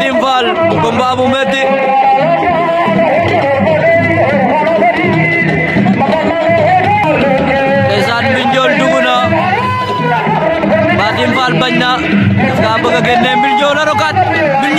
din val, bomba bu meti. Esan minjol duguna. Batin val banyak. Sekarang bagai nembil jolarokat. Bil